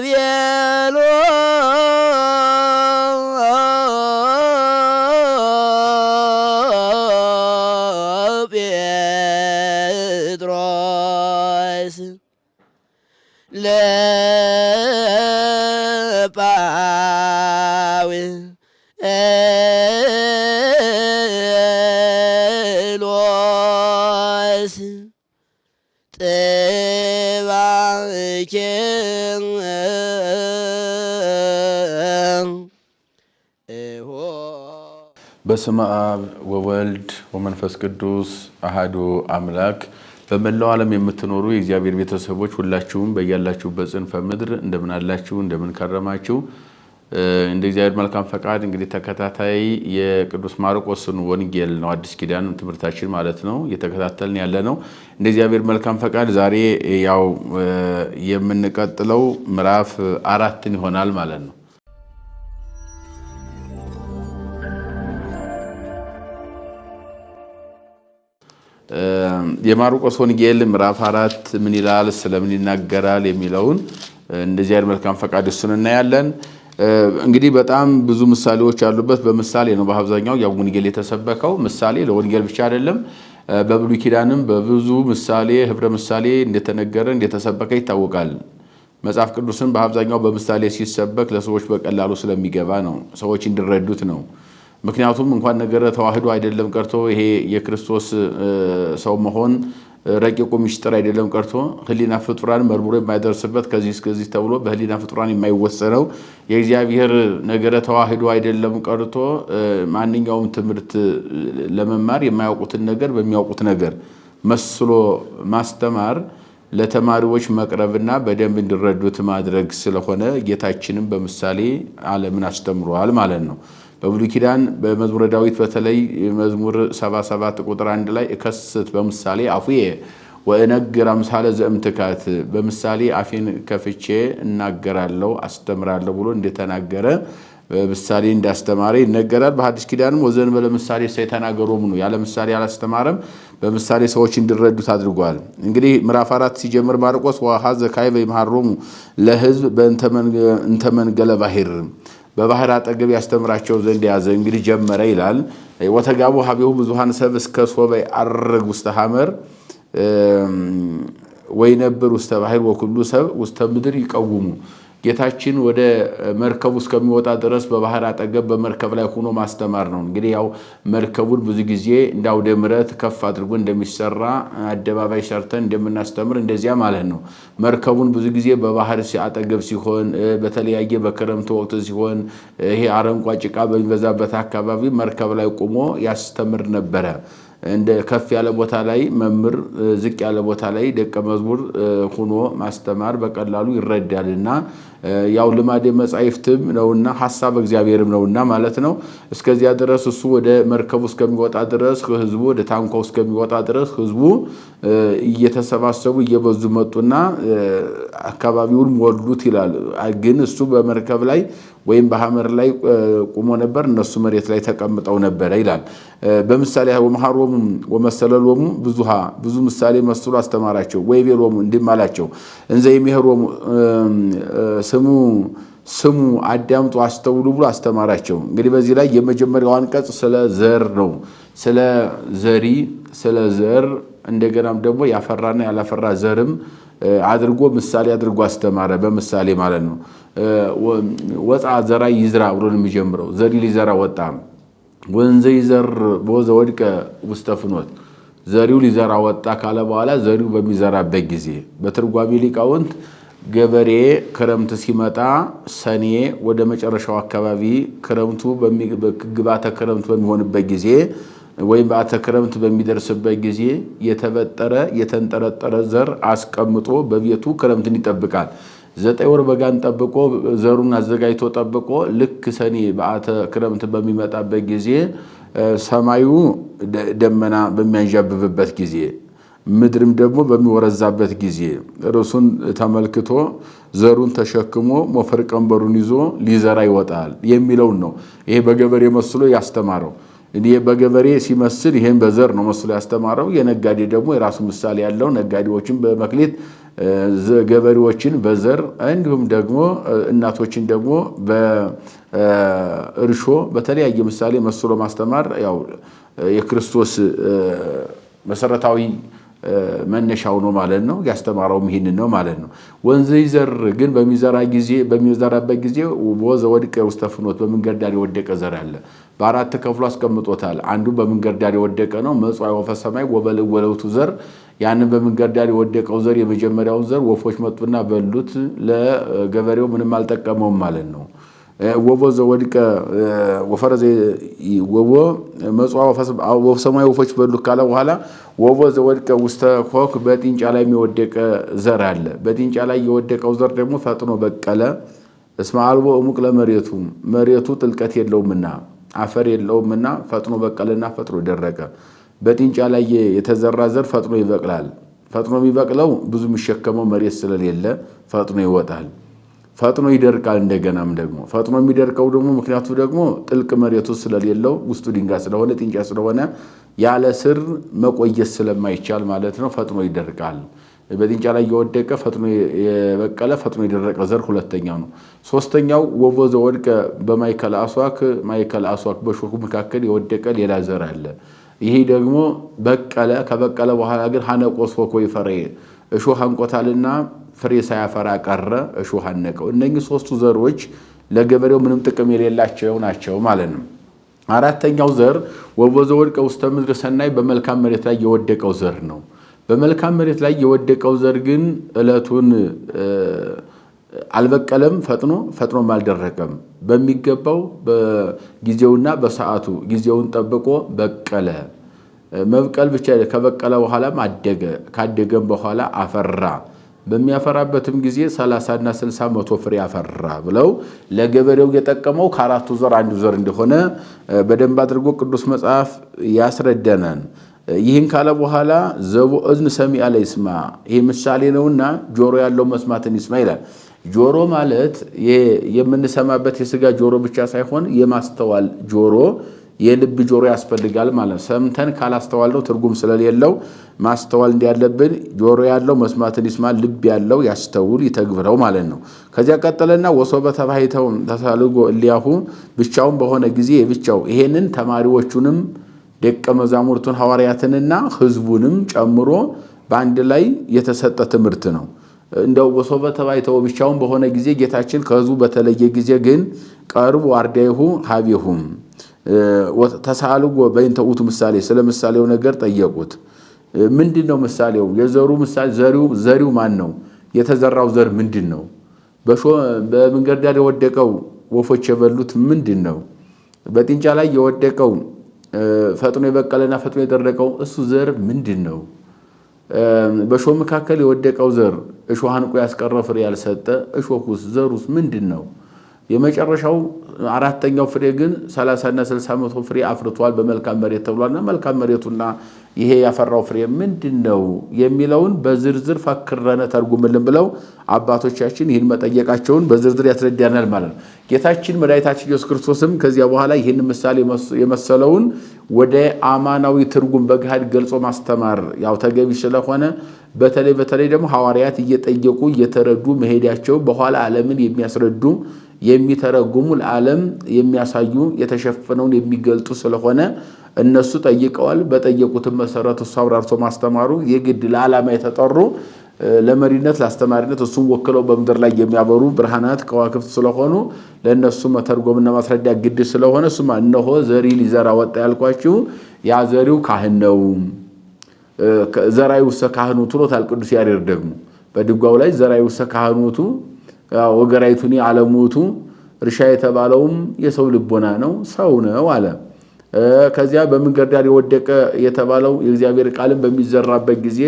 ¡Bien! በስመ አብ ወወልድ ወመንፈስ ቅዱስ አሃዱ አምላክ። በመላው ዓለም የምትኖሩ የእግዚአብሔር ቤተሰቦች ሁላችሁም በያላችሁበት ጽንፈ ምድር እንደምን አላችሁ? እንደምን ከረማችሁ? እንደ እግዚአብሔር መልካም ፈቃድ እንግዲህ ተከታታይ የቅዱስ ማርቆስን ወንጌል ነው አዲስ ኪዳን ትምህርታችን ማለት ነው እየተከታተልን ያለ ነው። እንደ እግዚአብሔር መልካም ፈቃድ ዛሬ ያው የምንቀጥለው ምዕራፍ አራትን ይሆናል ማለት ነው። የማርቆስ ወንጌል ምዕራፍ አራት ምን ይላል፣ ስለምን ይናገራል የሚለውን እንደዚህ አይነት መልካም ፈቃድ እሱን እናያለን። እንግዲህ በጣም ብዙ ምሳሌዎች ያሉበት በምሳሌ ነው በአብዛኛው ያው ወንጌል የተሰበከው ምሳሌ ለወንጌል ብቻ አይደለም። በብሉይ ኪዳንም በብዙ ምሳሌ ህብረ ምሳሌ እንደተነገረ እንደተሰበከ ይታወቃል። መጽሐፍ ቅዱስን በአብዛኛው በምሳሌ ሲሰበክ ለሰዎች በቀላሉ ስለሚገባ ነው፣ ሰዎች እንዲረዱት ነው። ምክንያቱም እንኳን ነገረ ተዋህዶ አይደለም ቀርቶ ይሄ የክርስቶስ ሰው መሆን ረቂቁ ምስጢር አይደለም ቀርቶ ህሊና ፍጡራን መርምሮ የማይደርስበት ከዚህ እስከዚህ ተብሎ በህሊና ፍጡራን የማይወሰነው የእግዚአብሔር ነገረ ተዋህዶ አይደለም ቀርቶ ማንኛውም ትምህርት ለመማር የማያውቁትን ነገር በሚያውቁት ነገር መስሎ ማስተማር ለተማሪዎች መቅረብና በደንብ እንዲረዱት ማድረግ ስለሆነ ጌታችንም በምሳሌ ዓለምን አስተምሯል ማለት ነው። በብሉይ ኪዳን በመዝሙረ ዳዊት በተለይ መዝሙር 77 ቁጥር 1 ላይ እከስት በምሳሌ አፉዬ ወእነግር አምሳለ ዘእምትካት በምሳሌ አፌን ከፍቼ እናገራለሁ አስተምራለሁ ብሎ እንደተናገረ ምሳሌ እንዳስተማረ ይነገራል። በሐዲስ ኪዳንም ወዘእንበለ ምሳሌ ሰይተናገሮሙ ነው፣ ያለ ምሳሌ አላስተማረም። በምሳሌ ሰዎች እንዲረዱት አድርጓል። እንግዲህ ምዕራፍ አራት ሲጀምር ማርቆስ ወሀዘ ካዕበ ይምሃሮሙ ለሕዝብ በእንተ መንገለ ባሕር በባህር አጠገብ ያስተምራቸው ዘንድ ያዘ። እንግዲህ ጀመረ ይላል። ወተጋቡ ሀቢሁ ብዙሃን ሰብ እስከ ሶበይ አርግ ውስተ ሐመር ወይነብር ውስተ ባህር ወኩሉ ሰብ ውስተ ምድር ይቀውሙ ጌታችን ወደ መርከቡ እስከሚወጣ ድረስ በባህር አጠገብ በመርከብ ላይ ሆኖ ማስተማር ነው። እንግዲህ ያው መርከቡን ብዙ ጊዜ እንደ አውደ ምረት ከፍ አድርጎ እንደሚሰራ አደባባይ ሰርተን እንደምናስተምር እንደዚያ ማለት ነው። መርከቡን ብዙ ጊዜ በባህር አጠገብ ሲሆን፣ በተለያየ በክረምት ወቅት ሲሆን፣ ይሄ አረንቋ ጭቃ በሚበዛበት አካባቢ መርከብ ላይ ቁሞ ያስተምር ነበረ። እንደ ከፍ ያለ ቦታ ላይ መምህር፣ ዝቅ ያለ ቦታ ላይ ደቀ መዝሙር ሆኖ ማስተማር በቀላሉ ይረዳልና ያው ልማደ መጻሕፍትም ነውና ሐሳብ እግዚአብሔርም ነውና ማለት ነው። እስከዚያ ድረስ እሱ ወደ መርከቡ እስከሚወጣ ድረስ ህዝቡ ወደ ታንኳው እስከሚወጣ ድረስ ህዝቡ እየተሰባሰቡ እየበዙ መጡና አካባቢውን ሞሉት ይላል። ግን እሱ በመርከብ ላይ ወይም በሐመር ላይ ቁሞ ነበር፣ እነሱ መሬት ላይ ተቀምጠው ነበረ ይላል። በምሳሌ ወመሐሮሙ ወመሰለሎሙ ብዙሃ ብዙ ምሳሌ መስሎ አስተማራቸው። ወይቤሎሙ እንዲም አላቸው እንዘ የሚሄሮሙ ስሙ ስሙ አዳምጡ አስተውሉ ብሎ አስተማራቸው። እንግዲህ በዚህ ላይ የመጀመሪያው አንቀጽ ስለ ዘር ነው። ስለ ዘሪ ስለ ዘር እንደገናም ደግሞ ያፈራና ያላፈራ ዘርም አድርጎ ምሳሌ አድርጎ አስተማረ። በምሳሌ ማለት ነው። ወፃ ዘራ ይዝራ ብሎ የሚጀምረው ዘሪ ሊዘራ ወጣ። ወንዘ ይዘር በወዘ ወድቀ ውስተ ፍኖት ዘሪው ሊዘራ ወጣ ካለ በኋላ ዘሪው በሚዘራበት ጊዜ በትርጓሜ ሊቃውንት ገበሬ ክረምት ሲመጣ ሰኔ ወደ መጨረሻው አካባቢ ክረምቱ ግባተ ክረምት በሚሆንበት ጊዜ ወይም በአተ ክረምት በሚደርስበት ጊዜ የተበጠረ የተንጠረጠረ ዘር አስቀምጦ በቤቱ ክረምትን ይጠብቃል። ዘጠኝ ወር በጋን ጠብቆ ዘሩን አዘጋጅቶ ጠብቆ ልክ ሰኔ በአተ ክረምት በሚመጣበት ጊዜ ሰማዩ ደመና በሚያንዣብብበት ጊዜ ምድርም ደግሞ በሚወረዛበት ጊዜ ርዕሱን ተመልክቶ ዘሩን ተሸክሞ ሞፈር ቀንበሩን ይዞ ሊዘራ ይወጣል የሚለውን ነው። ይሄ በገበሬ መስሎ ያስተማረው ይህ በገበሬ ሲመስል ይህም በዘር ነው መስሎ ያስተማረው። የነጋዴ ደግሞ የራሱ ምሳሌ ያለው ነጋዴዎችን በመክሊት ገበሬዎችን በዘር እንዲሁም ደግሞ እናቶችን ደግሞ በእርሾ በተለያየ ምሳሌ መስሎ ማስተማር ያው የክርስቶስ መሰረታዊ መነሻው ነው ማለት ነው። ያስተማረውም ይህንን ነው ማለት ነው። ወንዘ ይዘር ግን በሚዘራ ጊዜ በሚዘራበት ጊዜ ወዘ ወድቀ ውስተ ፍኖት በመንገድ ዳር የወደቀ ዘር አለ። በአራት ከፍሎ አስቀምጦታል። አንዱ በመንገድ ዳር የወደቀ ነው። መጽዋ ወፈ ሰማይ ወበልዕ ወለውቱ ዘር ያንን በመንገድ ዳር የወደቀው ዘር የመጀመሪያውን ዘር ወፎች መጡና በሉት። ለገበሬው ምንም አልጠቀመውም ማለት ነው። ወቦ ዘወድቀ ወፈረ ወቦ መጽዋ ሰማይ ወፎች በሉ ካለ በኋላ ወቦ ዘወድቀ ውስተ ኮክ በጥንጫ ላይ የወደቀ ዘር አለ። በጥንጫ ላይ የወደቀው ዘር ደግሞ ፈጥኖ በቀለ። እስመ አልቦ እሙቅ ለመሬቱ መሬቱ ጥልቀት የለውምና አፈር የለውምና ፈጥኖ በቀለና ፈጥኖ ደረቀ። በጥንጫ ላይ የተዘራ ዘር ፈጥኖ ይበቅላል። ፈጥኖ የሚበቅለው ብዙ የሚሸከመው መሬት ስለሌለ ፈጥኖ ይወጣል። ፈጥኖ ይደርቃል። እንደገናም ደግሞ ፈጥኖ የሚደርቀው ደግሞ ምክንያቱ ደግሞ ጥልቅ መሬቱ ስለሌለው ውስጡ ድንጋይ ስለሆነ ጥንጫ ስለሆነ ያለ ስር መቆየት ስለማይቻል ማለት ነው ፈጥኖ ይደርቃል። በጥንጫ ላይ የወደቀ ፈጥኖ የበቀለ ፈጥኖ የደረቀ ዘር ሁለተኛው ነው። ሶስተኛው ወቦ ዘወድቀ በማይከል አስዋክ ማይከል አስዋክ በሾኩ መካከል የወደቀ ሌላ ዘር አለ። ይሄ ደግሞ በቀለ። ከበቀለ በኋላ ግን ሀነቆስ ሶኮ ይፈረየ እሾህ አንቆታልና ፍሬ ሳያፈራ ቀረ፣ እሾህ አነቀው። እነኚህ ሶስቱ ዘሮች ለገበሬው ምንም ጥቅም የሌላቸው ናቸው ማለት ነው። አራተኛው ዘር ወቦዘ ወድቀ ውስተ ምድር ሰናይ፣ በመልካም መሬት ላይ የወደቀው ዘር ነው። በመልካም መሬት ላይ የወደቀው ዘር ግን እለቱን አልበቀለም ፈጥኖ ፈጥኖም አልደረቀም። በሚገባው በጊዜውና በሰዓቱ ጊዜውን ጠብቆ በቀለ። መብቀል ብቻ ከበቀለ በኋላም አደገ፣ ካደገም በኋላ አፈራ። በሚያፈራበትም ጊዜ 30 እና 60 መቶ ፍሬ ያፈራ ብለው ለገበሬው የጠቀመው ከአራቱ ዘር አንዱ ዘር እንደሆነ በደንብ አድርጎ ቅዱስ መጽሐፍ ያስረደናል። ይህን ካለ በኋላ ዘቦ እዝን ሰሚ አለ ይስማ፣ ይህ ምሳሌ ነውና ጆሮ ያለው መስማትን ይስማ ይላል። ጆሮ ማለት የምንሰማበት የስጋ ጆሮ ብቻ ሳይሆን የማስተዋል ጆሮ የልብ ጆሮ ያስፈልጋል ማለት ነው። ሰምተን ካላስተዋልነው ትርጉም ስለሌለው ማስተዋል እንዲያለብን ጆሮ ያለው መስማትን ይስማ፣ ልብ ያለው ያስተውል ይተግብረው ማለት ነው። ከዚያ ቀጠለና ወሶበ ተባሂተው ተሳልጎ እሊያሁ ብቻውን በሆነ ጊዜ የብቻው ይሄንን ተማሪዎቹንም ደቀ መዛሙርቱን ሐዋርያትንና ሕዝቡንም ጨምሮ በአንድ ላይ የተሰጠ ትምህርት ነው። እንደው ወሶበ ተባይተው ብቻውን በሆነ ጊዜ ጌታችን ከሕዝቡ በተለየ ጊዜ ግን ቀርቡ አርዳይሁ ሀቢሁም ተሳልጎ በይንተ ውእቱ ምሳሌ ስለ ምሳሌው ነገር ጠየቁት። ምንድን ነው ምሳሌው? የዘሩ ምሳሌ ዘሪው ማን ነው? የተዘራው ዘር ምንድን ነው? በመንገድ ዳር የወደቀው ወፎች የበሉት ምንድን ነው? በጥንጫ ላይ የወደቀው ፈጥኖ የበቀለና ፈጥኖ የደረቀው እሱ ዘር ምንድን ነው? በእሾህ መካከል የወደቀው ዘር እሾህ አንቆ ያስቀረ ፍሬ ያልሰጠ እሾሁስ ዘሩስ ምንድን ነው? የመጨረሻው አራተኛው ፍሬ ግን 30ና 60 መቶ ፍሬ አፍርቷል በመልካም መሬት ተብሏልና መልካም መሬቱና ይሄ ያፈራው ፍሬ ምንድን ነው የሚለውን በዝርዝር ፈክረነ ተርጉምልን ብለው አባቶቻችን ይህን መጠየቃቸውን በዝርዝር ያስረዳናል ማለት ነው። ጌታችን መድኃኒታችን ኢየሱስ ክርስቶስም ከዚያ በኋላ ይህን ምሳሌ የመሰለውን ወደ አማናዊ ትርጉም በገሃድ ገልጾ ማስተማር ያው ተገቢ ስለሆነ በተለይ በተለይ ደግሞ ሐዋርያት እየጠየቁ እየተረዱ መሄዳቸው በኋላ ዓለምን የሚያስረዱ የሚተረጉሙ ለዓለም የሚያሳዩ የተሸፈነውን የሚገልጡ ስለሆነ እነሱ ጠይቀዋል። በጠየቁትን መሰረት እሱ አብራርቶ ማስተማሩ የግድ ለዓላማ የተጠሩ ለመሪነት ለአስተማሪነት እሱም ወክለው በምድር ላይ የሚያበሩ ብርሃናት ከዋክብት ስለሆኑ ለእነሱ መተርጎምና ማስረዳ ግድ ስለሆነ እሱማ እነሆ ዘሪ ሊዘራ ወጣ ያልኳችሁ ያ ዘሪው ካህን ነው። ዘራዊ ውሰ ካህኑቱ ሎታል ቅዱስ ያሬድ ደግሞ በድጓው ላይ ዘራዊ ውሰ ካህኑቱ ወገራይቱኒ አለሞቱ እርሻ የተባለውም የሰው ልቦና ነው፣ ሰው ነው አለ። ከዚያ በመንገድ ዳር የወደቀ የተባለው የእግዚአብሔር ቃልን በሚዘራበት ጊዜ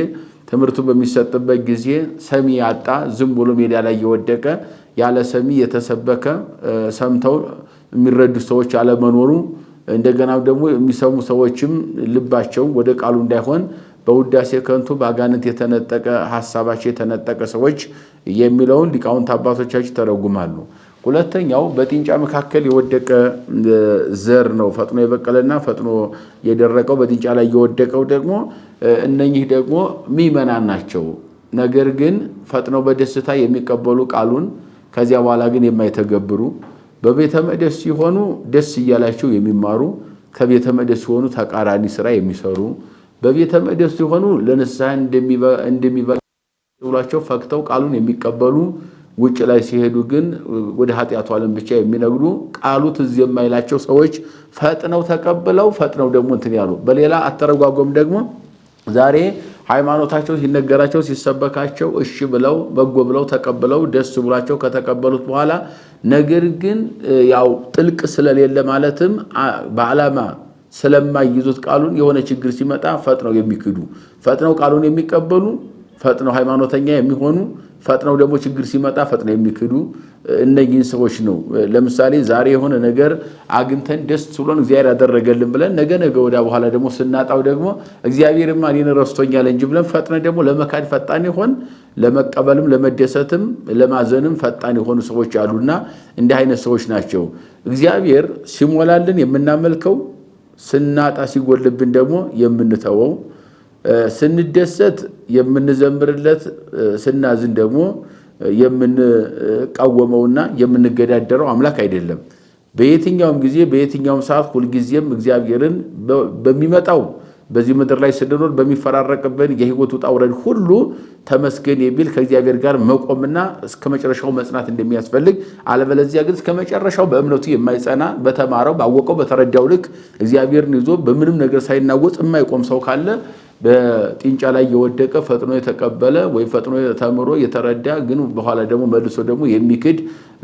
ትምህርቱ በሚሰጥበት ጊዜ ሰሚ ያጣ ዝም ብሎ ሜዳ ላይ የወደቀ ያለ ሰሚ የተሰበከ ሰምተው የሚረዱ ሰዎች አለመኖሩ፣ እንደገና ደግሞ የሚሰሙ ሰዎችም ልባቸው ወደ ቃሉ እንዳይሆን በውዳሴ ከንቱ በአጋንንት የተነጠቀ ሀሳባቸው የተነጠቀ ሰዎች የሚለውን ሊቃውንት አባቶቻችን ተረጉማሉ። ሁለተኛው በጥንጫ መካከል የወደቀ ዘር ነው። ፈጥኖ የበቀለና ፈጥኖ የደረቀው በጥንጫ ላይ የወደቀው ደግሞ እነኚህ ደግሞ ሚመና ናቸው። ነገር ግን ፈጥነው በደስታ የሚቀበሉ ቃሉን ከዚያ በኋላ ግን የማይተገብሩ በቤተ መቅደስ ሲሆኑ ደስ እያላቸው የሚማሩ ከቤተ መቅደስ ሲሆኑ ተቃራኒ ስራ የሚሰሩ በቤተ መቅደስ ሲሆኑ ለንስሐ እንደሚበ ብሏቸው ፈክተው ቃሉን የሚቀበሉ ውጭ ላይ ሲሄዱ ግን ወደ ኃጢአቱ ዓለም ብቻ የሚነግዱ ቃሉ ትዝ የማይላቸው ሰዎች ፈጥነው ተቀብለው ፈጥነው ደግሞ እንትን ያሉ። በሌላ አተረጓጎም ደግሞ ዛሬ ሃይማኖታቸው ሲነገራቸው ሲሰበካቸው እሺ ብለው በጎ ብለው ተቀብለው ደስ ብሏቸው ከተቀበሉት በኋላ ነገር ግን ያው ጥልቅ ስለሌለ ማለትም በዓላማ ስለማይይዙት ቃሉን የሆነ ችግር ሲመጣ ፈጥነው የሚክዱ ፈጥነው ቃሉን የሚቀበሉ ፈጥነው ሃይማኖተኛ የሚሆኑ ፈጥነው ደግሞ ችግር ሲመጣ ፈጥነው የሚክዱ እነኝን ሰዎች ነው። ለምሳሌ ዛሬ የሆነ ነገር አግኝተን ደስ ብሎን እግዚአብሔር ያደረገልን ብለን ነገ ነገ ወዲያ በኋላ ደግሞ ስናጣው ደግሞ እግዚአብሔርማ እኔን ረስቶኛል እንጂ ብለን ፈጥነ ደግሞ ለመካድ ፈጣን ይሆን ለመቀበልም ለመደሰትም ለማዘንም ፈጣን የሆኑ ሰዎች አሉና እንዲህ አይነት ሰዎች ናቸው። እግዚአብሔር ሲሞላልን የምናመልከው ስናጣ ሲጎልብን ደግሞ የምንተወው ስንደሰት የምንዘምርለት ስናዝን ደግሞ የምንቃወመውና የምንገዳደረው አምላክ አይደለም። በየትኛውም ጊዜ በየትኛውም ሰዓት ሁልጊዜም እግዚአብሔርን በሚመጣው በዚህ ምድር ላይ ስንኖር በሚፈራረቅብን የህይወት ውጣ ውረድ ሁሉ ተመስገን የሚል ከእግዚአብሔር ጋር መቆምና እስከ መጨረሻው መጽናት እንደሚያስፈልግ፣ አለበለዚያ ግን እስከ መጨረሻው በእምነቱ የማይጸና በተማረው፣ ባወቀው፣ በተረዳው ልክ እግዚአብሔርን ይዞ በምንም ነገር ሳይናወጽ የማይቆም ሰው ካለ በጥንጫ ላይ የወደቀ ፈጥኖ የተቀበለ ወይም ፈጥኖ ተምሮ የተረዳ ግን በኋላ ደግሞ መልሶ ደግሞ የሚክድ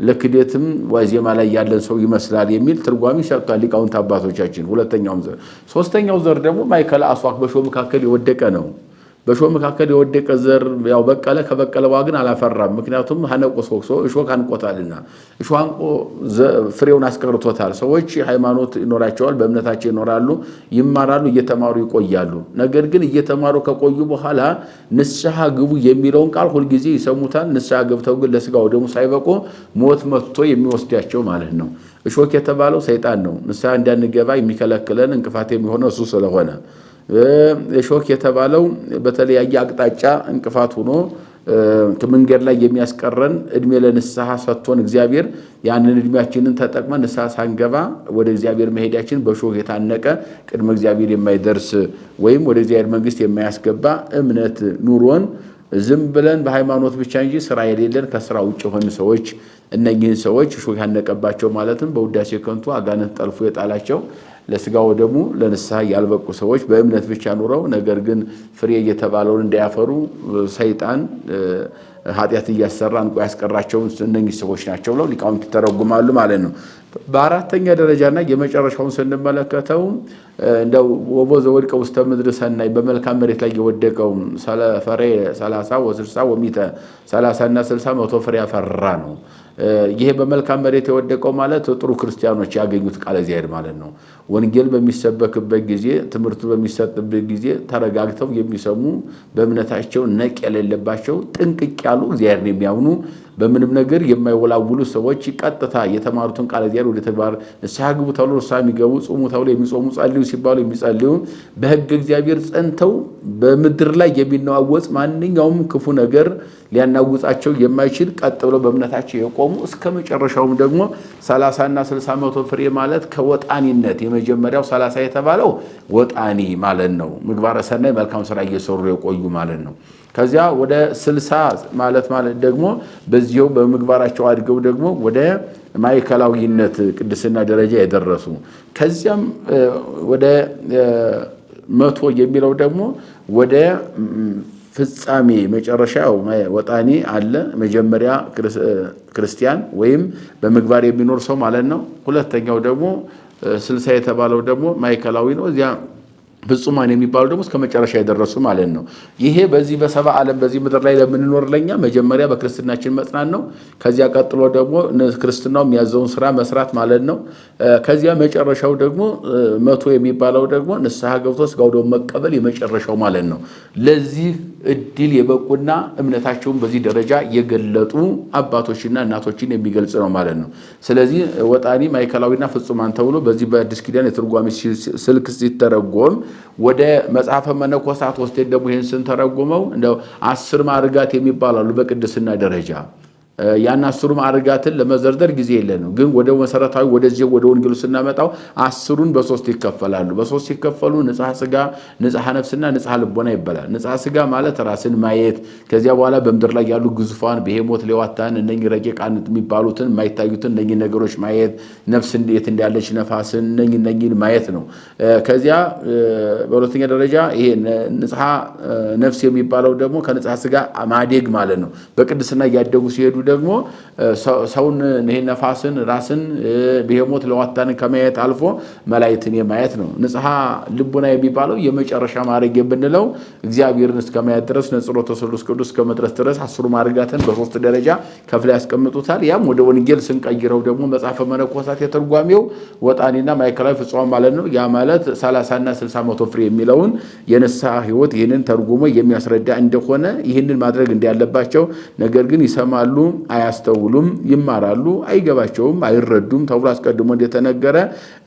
ለክደትም ዋዜማ ላይ ያለን ሰው ይመስላል የሚል ትርጓሚ ሰጥቷል ሊቃውንት አባቶቻችን። ሁለተኛውም ዘር ሶስተኛው ዘር ደግሞ ማይከል አስዋክ በሾ መካከል የወደቀ ነው። በእሾህ መካከል የወደቀ ዘር ያው በቀለ፣ ከበቀለ በኋላ ግን አላፈራም። ምክንያቱም ሀነቆ ሶክሶ እሾህ አንቆታልና እሾህ አንቆ ፍሬውን አስቀርቶታል። ሰዎች ሃይማኖት ይኖራቸዋል፣ በእምነታቸው ይኖራሉ፣ ይማራሉ፣ እየተማሩ ይቆያሉ። ነገር ግን እየተማሩ ከቆዩ በኋላ ንስሐ ግቡ የሚለውን ቃል ሁልጊዜ ይሰሙታል። ንስሐ ገብተው ግን ለስጋው ደግሞ ሳይበቁ ሞት መጥቶ የሚወስዳቸው ማለት ነው። እሾክ የተባለው ሰይጣን ነው። ንስሐ እንዳንገባ የሚከለክለን እንቅፋት የሚሆነው እሱ ስለሆነ እሾክ የተባለው በተለያየ አቅጣጫ እንቅፋት ሆኖ ከመንገድ ላይ የሚያስቀረን እድሜ ለንስሐ ሰጥቶን እግዚአብሔር ያንን እድሜያችንን ተጠቅመ ንስሐ ሳንገባ ወደ እግዚአብሔር መሄዳችን በእሾህ የታነቀ ቅድመ እግዚአብሔር የማይደርስ ወይም ወደ እግዚአብሔር መንግስት የማያስገባ እምነት ኑሮን ዝም ብለን በሃይማኖት ብቻ እንጂ ስራ የሌለን ከስራ ውጭ የሆኑ ሰዎች እነኝህን ሰዎች እሾህ ያነቀባቸው ማለትም በውዳሴ ከንቱ አጋንንት ጠልፎ የጣላቸው ለስጋ ወደሙ ለንስሐ ያልበቁ ሰዎች በእምነት ብቻ ኑረው ነገር ግን ፍሬ እየተባለውን እንዳያፈሩ ሰይጣን ኃጢአት እያሰራ እንቆ ያስቀራቸውን እነኚህ ሰዎች ናቸው ብለው ሊቃውንት ይተረጉማሉ ማለት ነው። በአራተኛ ደረጃና የመጨረሻውን ስንመለከተው እንደው ወቦ ዘወድቀ ውስተ ምድር ሰናይ በመልካም መሬት ላይ የወደቀው ፈሬ ሰላሳ ወስልሳ ወሚተ ሰላሳና ስልሳ መቶ ፍሬ ያፈራ ነው። ይሄ በመልካም መሬት የወደቀው ማለት ጥሩ ክርስቲያኖች ያገኙት ቃለ እግዚአብሔር ማለት ነው። ወንጌል በሚሰበክበት ጊዜ ትምህርቱ በሚሰጥበት ጊዜ ተረጋግተው የሚሰሙ በእምነታቸው ነቅ የሌለባቸው ጥንቅቅ ያሉ እግዚአብሔርን የሚያምኑ በምንም ነገር የማይወላውሉ ሰዎች ቀጥታ የተማሩትን ቃል እግዚአብሔር ወደ ተግባር ንስሐ ግቡ ተብሎ ንስሐ የሚገቡ ጾሙ ተብሎ የሚጾሙ ጸልዩ ሲባሉ የሚጸልዩ በሕግ እግዚአብሔር ጸንተው በምድር ላይ የሚነዋወጽ ማንኛውም ክፉ ነገር ሊያናውጻቸው የማይችል ቀጥ ብለው በእምነታቸው የቆሙ እስከ መጨረሻውም ደግሞ ሰላሳና ስልሳ መቶ ፍሬ ማለት ከወጣኒነት የመጀመሪያው ሰላሳ የተባለው ወጣኒ ማለት ነው። ምግባረ ሰናይ መልካም ስራ እየሰሩ የቆዩ ማለት ነው። ከዚያ ወደ ስልሳ ማለት ማለት ደግሞ በዚው በምግባራቸው አድገው ደግሞ ወደ ማዕከላዊነት ቅድስና ደረጃ የደረሱ ከዚያም ወደ መቶ የሚለው ደግሞ ወደ ፍጻሜ መጨረሻ ወጣኒ አለ። መጀመሪያ ክርስቲያን ወይም በምግባር የሚኖር ሰው ማለት ነው። ሁለተኛው ደግሞ ስልሳ የተባለው ደግሞ ማዕከላዊ ነው። እዚያ ፍጹማን የሚባሉ ደግሞ እስከ መጨረሻ የደረሱ ማለት ነው። ይሄ በዚህ በሰባ ዓለም በዚህ ምድር ላይ ለምንኖር ለኛ መጀመሪያ በክርስትናችን መጽናት ነው። ከዚያ ቀጥሎ ደግሞ ክርስትናው የሚያዘውን ስራ መስራት ማለት ነው። ከዚያ መጨረሻው ደግሞ መቶ የሚባለው ደግሞ ንስሐ ገብቶ ስጋው መቀበል የመጨረሻው ማለት ነው። ለዚህ እድል የበቁና እምነታቸውን በዚህ ደረጃ የገለጡ አባቶችና እናቶችን የሚገልጽ ነው ማለት ነው። ስለዚህ ወጣኒ ማዕከላዊና ፍጹማን ተብሎ በዚህ በአዲስ ኪዳን የትርጓሜ ስልክ ሲተረጎም ወደ መጽሐፈ መነኮሳት ወስደን ደግሞ ይህን ስንተረጉመው እንደ አስር ማዕርጋት የሚባላሉ በቅድስና ደረጃ ያን አስሩም ማዕርጋትን ለመዘርዘር ጊዜ የለንም፣ ግን ወደ መሰረታዊ ወደዚህ ወደ ወንጌሉ ስናመጣው አስሩን በሶስት ይከፈላሉ። በሶስት ሲከፈሉ ንጽሐ ስጋ፣ ንጽሐ ነፍስና ንጽሐ ልቦና ይባላል። ንጽሐ ስጋ ማለት ራስን ማየት፣ ከዚያ በኋላ በምድር ላይ ያሉ ግዙፋን ብሄሞት፣ ሌዋታን፣ እነኚህ ረቂቃን የሚባሉትን የማይታዩትን እነኚህ ነገሮች ማየት፣ ነፍስ እንዴት እንዳለች ነፋስን፣ እነኚህ እነኚህን ማየት ነው። ከዚያ በሁለተኛ ደረጃ ይሄ ንጽሐ ነፍስ የሚባለው ደግሞ ከንጽሐ ስጋ ማደግ ማለት ነው። በቅድስና እያደጉ ሲሄዱ ደግሞ ሰውን ይሄ ነፋስን ራስን ብሄሞት ለዋታን ከማየት አልፎ መላይትን የማየት ነው። ንጽሐ ልቡና የሚባለው የመጨረሻ ማድረግ የምንለው እግዚአብሔርን እስከማየት ድረስ ነጽሮተ ስሉስ ቅዱስ እስከመድረስ ድረስ አስሩ ማድረጋትን በሶስት ደረጃ ከፍለ ያስቀምጡታል። ያም ወደ ወንጌል ስንቀይረው ደግሞ መጽሐፈ መነኮሳት የተርጓሚው ወጣኔና ማዕከላዊ ፍጹም ማለት ነው። ያ ማለት ሰላሳና 60 መቶ ፍሬ የሚለውን የንስሐ ህይወት ይህንን ተርጉሞ የሚያስረዳ እንደሆነ ይህንን ማድረግ እንዳለባቸው ነገር ግን ይሰማሉ አያስተውሉም፣ ይማራሉ፣ አይገባቸውም፣ አይረዱም ተብሎ አስቀድሞ እንደተነገረ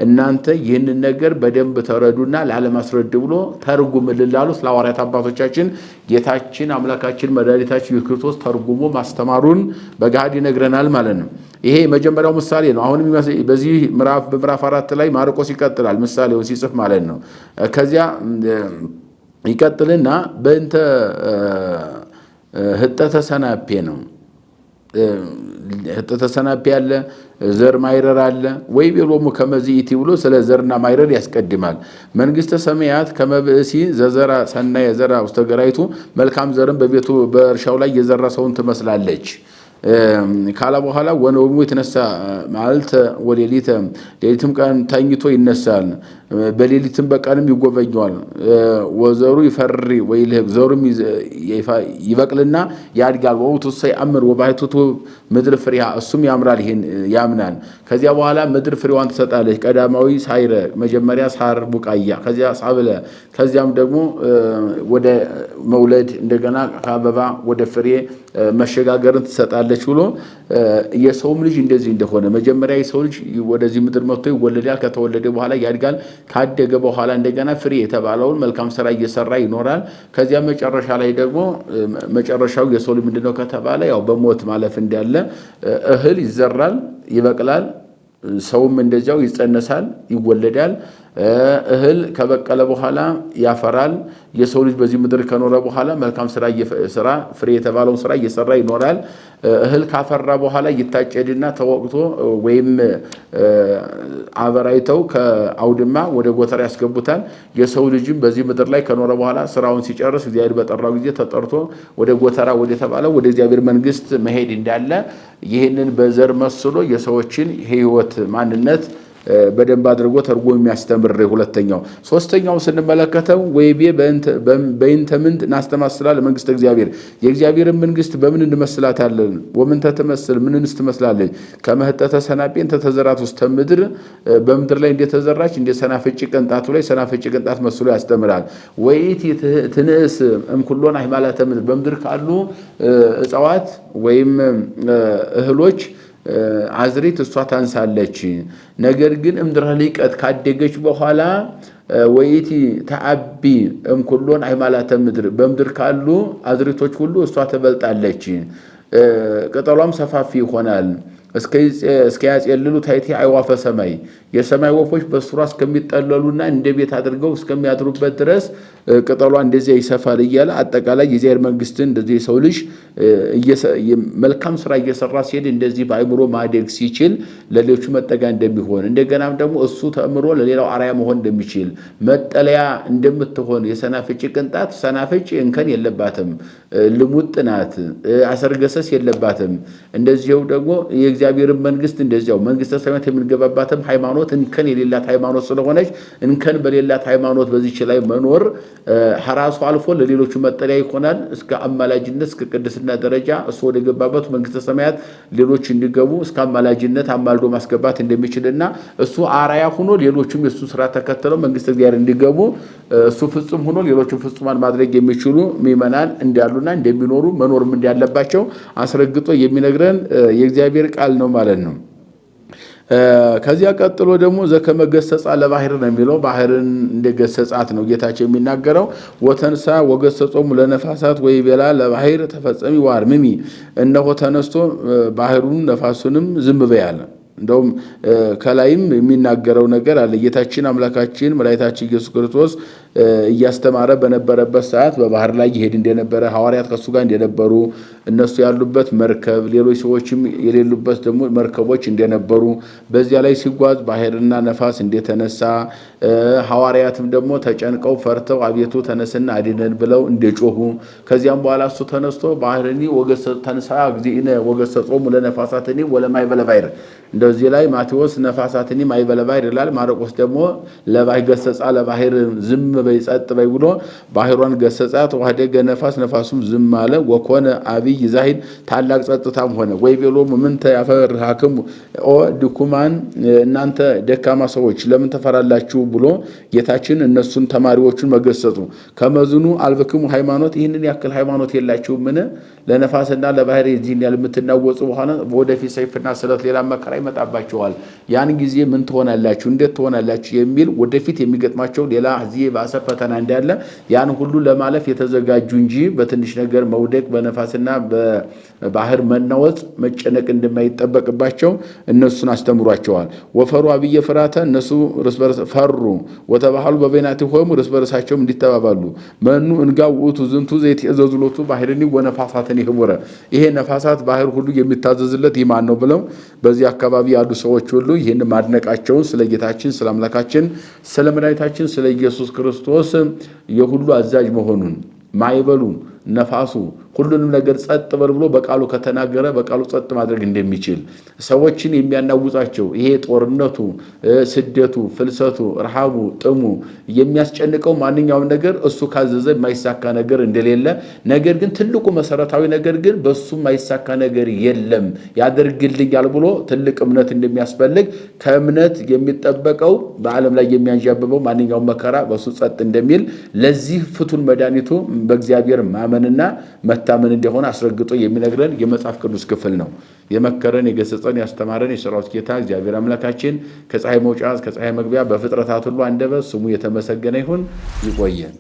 እናንተ ይህንን ነገር በደንብ ተረዱና ላለማስረድ ብሎ ተርጉም ልላሉ ስለ ሐዋርያት አባቶቻችን ጌታችን አምላካችን መድኃኒታችን ኢየሱስ ክርስቶስ ተርጉሞ ማስተማሩን በገሃድ ይነግረናል ማለት ነው። ይሄ የመጀመሪያው ምሳሌ ነው። አሁንም በዚህ በምዕራፍ አራት ላይ ማርቆስ ይቀጥላል ምሳሌውን ሲጽፍ ማለት ነው። ከዚያ ይቀጥልና በእንተ ህጠተ ሰናፔ ነው ተሰናፔ ያለ ዘር ማይረር አለ ወይ ቤሎሙ ከመዚኢቲ ብሎ ስለ ዘርና ማይረር ያስቀድማል። መንግስተ ሰማያት ከመብእሲ ዘዘራ ሰናየ ዘራ ውስተ ገራይቱ መልካም ዘርን በቤቱ በእርሻው ላይ የዘራ ሰውን ትመስላለች ካላ በኋላ ወነውሙ የተነሳ ማለት ወሌሊተ ሌሊትም ቀን ተኝቶ ይነሳል በሌሊትም በቀንም ይጎበኘዋል። ወዘሩ ይፈሪ ወይልህግ ዘሩም ይበቅልና ያድጋል። ወውቱ ሳይአምር ወባሕቲቱ ምድር ፍሬሃ እሱም ያምራል፣ ይሄን ያምናል። ከዚያ በኋላ ምድር ፍሬዋን ትሰጣለች። ቀዳማዊ ሳይረ መጀመሪያ ሳር ቡቃያ፣ ከዚያ ሳብለ፣ ከዚያም ደግሞ ወደ መውለድ እንደገና ከአበባ ወደ ፍሬ መሸጋገርን ትሰጣለች ብሎ የሰውም ልጅ እንደዚህ እንደሆነ መጀመሪያ የሰው ልጅ ወደዚህ ምድር መጥቶ ይወለዳል። ከተወለደ በኋላ ያድጋል። ካደገ በኋላ እንደገና ፍሬ የተባለውን መልካም ስራ እየሰራ ይኖራል። ከዚያ መጨረሻ ላይ ደግሞ መጨረሻው የሰው ልጅ ምንድነው ከተባለ ያው በሞት ማለፍ እንዳለ እህል ይዘራል፣ ይበቅላል። ሰውም እንደዚያው ይጸነሳል፣ ይወለዳል። እህል ከበቀለ በኋላ ያፈራል። የሰው ልጅ በዚህ ምድር ከኖረ በኋላ መልካም ስራ ፍሬ የተባለውን ስራ እየሰራ ይኖራል። እህል ካፈራ በኋላ ይታጨድና ተወቅቶ ወይም አበራይተው ከአውድማ ወደ ጎተራ ያስገቡታል። የሰው ልጅም በዚህ ምድር ላይ ከኖረ በኋላ ስራውን ሲጨርስ እግዚአብሔር በጠራው ጊዜ ተጠርቶ ወደ ጎተራ ወደ ተባለው ወደ እግዚአብሔር መንግስት መሄድ እንዳለ ይህንን በዘር መስሎ የሰዎችን ህይወት ማንነት በደንብ አድርጎ ተርጎ የሚያስተምር ሁለተኛው። ሶስተኛው ስንመለከተው ወይቤ በእንተ ምንት እናስተማስላለ መንግስት እግዚአብሔር የእግዚአብሔርን መንግስት በምን እንመስላታለን? ወምንተ ትመስል ምንንስ ትመስላለች? ከመህጠተ ሰናጴ እንተ ተዘራት ውስተ ምድር በምድር ላይ እንደተዘራች እንደ ሰናፍጭ ቅንጣቱ ላይ ሰናፍጭ ቅንጣት መስሎ ያስተምራል። ወይት ትንእስ እምኩሎን አሕማላተ ምድር በምድር ካሉ እጽዋት ወይም እህሎች አዝሪት እሷ ታንሳለች። ነገር ግን እምድረ ሊቀት ካደገች በኋላ ወይቲ ተአቢ እምኩሎን አይማላተ ምድር በምድር ካሉ አዝሪቶች ሁሉ እሷ ትበልጣለች። ቅጠሏም ሰፋፊ ይሆናል እስከ ያጼልሉ ታይቲ አይዋፈ ሰማይ የሰማይ ወፎች በስሯ እስከሚጠለሉና እንደ ቤት አድርገው እስከሚያድሩበት ድረስ ቅጠሏ እንደዚያ ይሰፋል እያለ አጠቃላይ የእግዚአብሔር መንግስትን እንደዚህ የሰው ልጅ መልካም ስራ እየሰራ ሲሄድ እንደዚህ በአይምሮ ማደግ ሲችል ለሌሎቹ መጠጊያ እንደሚሆን እንደገናም ደግሞ እሱ ተምሮ ለሌላው አርአያ መሆን እንደሚችል መጠለያ እንደምትሆን የሰናፍጭ ቅንጣት ሰናፍጭ እንከን የለባትም፣ ልሙጥ ናት፣ አሰርገሰስ የለባትም። እንደዚሁ ደግሞ የእግዚአብሔርን መንግስት እንደዚያው መንግስተ ሰማያት የምንገባባትም ሃይማኖት ሃይማኖት እንከን የሌላት ሃይማኖት ስለሆነች እንከን በሌላት ሃይማኖት በዚች ላይ መኖር ራሱ አልፎ ለሌሎቹ መጠለያ ይሆናል። እስከ አማላጅነት እስከ ቅድስና ደረጃ እሱ ወደ ገባበት መንግስተ ሰማያት ሌሎች እንዲገቡ እስከ አማላጅነት አማልዶ ማስገባት እንደሚችልና እሱ አራያ ሆኖ ሌሎቹም የእሱ ስራ ተከትለው መንግስተ እግዚአብሔር እንዲገቡ እሱ ፍጹም ሆኖ ሌሎቹም ፍጹማን ማድረግ የሚችሉ ምእመናን እንዳሉና እንደሚኖሩ መኖርም እንዳለባቸው አስረግጦ የሚነግረን የእግዚአብሔር ቃል ነው ማለት ነው። ከዚያ ቀጥሎ ደግሞ ዘከመገሰጻ ለባህር ነው የሚለው ባህርን እንደገሰጻት ነው ጌታቸው የሚናገረው። ወተንሳ ወገሰጾሙ ለነፋሳት ወይ ወይቤላ ለባህር ተፈጸሚ ዋርምሚ እነሆ ተነስቶ ባህሩን ነፋሱንም ዝም በያለ። እንደውም ከላይም የሚናገረው ነገር አለ ጌታችን አምላካችን መድኃኒታችን ኢየሱስ ክርስቶስ እያስተማረ በነበረበት ሰዓት በባህር ላይ ይሄድ እንደነበረ ሐዋርያት ከእሱ ጋር እንደነበሩ እነሱ ያሉበት መርከብ ሌሎች ሰዎችም የሌሉበት ደግሞ መርከቦች እንደነበሩ በዚያ ላይ ሲጓዝ ባህርና ነፋስ እንደተነሳ ሐዋርያትም ደግሞ ተጨንቀው ፈርተው አቤቱ ተነስና አድነን ብለው እንደጮሁ ከዚያም በኋላ እሱ ተነስቶ ባህርኒ ተንሳ ጊዜነ ወገሰጾሙ ለነፋሳትኒ ወለማይ በለባይር እንደዚህ ላይ ማቴዎስ ነፋሳትኒ ማይበለ ባሕር ይላል። ማርቆስ ደግሞ ለባይ ገሰጻ ለባሕር ዝም በይ ጸጥ በይ ብሎ ባህሯን ገሰጻት። ዋህደገ ነፋስ ነፋሱም ዝም አለ። ወኮነ አብይ ዛሂድ ታላቅ ጸጥታም ሆነ። ወይ ቤሎሙ ምንተ ያፈርሃክሙ ኦ ድኩማን እናንተ ደካማ ሰዎች ለምን ተፈራላችሁ ብሎ ጌታችን እነሱን ተማሪዎቹን መገሰጡ ከመዝኑ አልብክሙ ሃይማኖት ይህንን ያክል ሃይማኖት የላችሁ ምን ለነፋስና ለባህር ዚን ያል የምትናወጹ በኋላ ወደፊት ሰይፍና ስለት ሌላ መከራ ይመጣባቸዋል። ያን ጊዜ ምን ትሆናላችሁ? እንዴት ትሆናላችሁ? የሚል ወደፊት የሚገጥማቸው ሌላ ጊዜ ባሰ የባሰ ፈተና እንዳለ ያን ሁሉ ለማለፍ የተዘጋጁ እንጂ በትንሽ ነገር መውደቅ በነፋስና በባህር መናወጥ መጨነቅ እንደማይጠበቅባቸው እነሱን አስተምሯቸዋል። ወፈሩ አብየ ፍራተ እነሱ ፈሩ። ወተባህሉ ፈሩ። ወተባሃሉ በበይናቲሆሙ እርስ በርሳቸውም እንዲተባባሉ መኑ እንጋ ውእቱ ዝንቱ ዘይትእዘዙ ሎቱ ባህርኒ ወነፋሳትን ይህቡረ ይሄ ነፋሳት ባህር ሁሉ የሚታዘዝለት ይማን ነው ብለው በዚህ አካባቢ ያሉ ሰዎች ሁሉ ይህን ማድነቃቸውን ስለ ጌታችን ስለ አምላካችን ስለ መድኃኒታችን ስለ ኢየሱስ ክርስቶስ ክርስቶስ የሁሉ አዛዥ መሆኑን ማይበሉ ነፋሱ ሁሉንም ነገር ጸጥ በል ብሎ በቃሉ ከተናገረ በቃሉ ጸጥ ማድረግ እንደሚችል ሰዎችን የሚያናውጣቸው ይሄ ጦርነቱ፣ ስደቱ፣ ፍልሰቱ፣ ረሃቡ፣ ጥሙ የሚያስጨንቀው ማንኛውም ነገር እሱ ካዘዘ የማይሳካ ነገር እንደሌለ ነገር ግን ትልቁ መሰረታዊ ነገር ግን በሱ የማይሳካ ነገር የለም ያደርግልኛል ብሎ ትልቅ እምነት እንደሚያስፈልግ ከእምነት የሚጠበቀው በዓለም ላይ የሚያንዣብበው ማንኛውም መከራ በሱ ጸጥ እንደሚል ለዚህ ፍቱን መድኃኒቱ በእግዚአብሔር ማመን ማመንና መታመን እንደሆነ አስረግጦ የሚነግረን የመጽሐፍ ቅዱስ ክፍል ነው። የመከረን የገሰጸን ያስተማረን የሰራዊት ጌታ እግዚአብሔር አምላካችን ከፀሐይ መውጫ ከፀሐይ መግቢያ በፍጥረታት ሁሉ አንደበት ስሙ የተመሰገነ ይሁን። ይቆየን።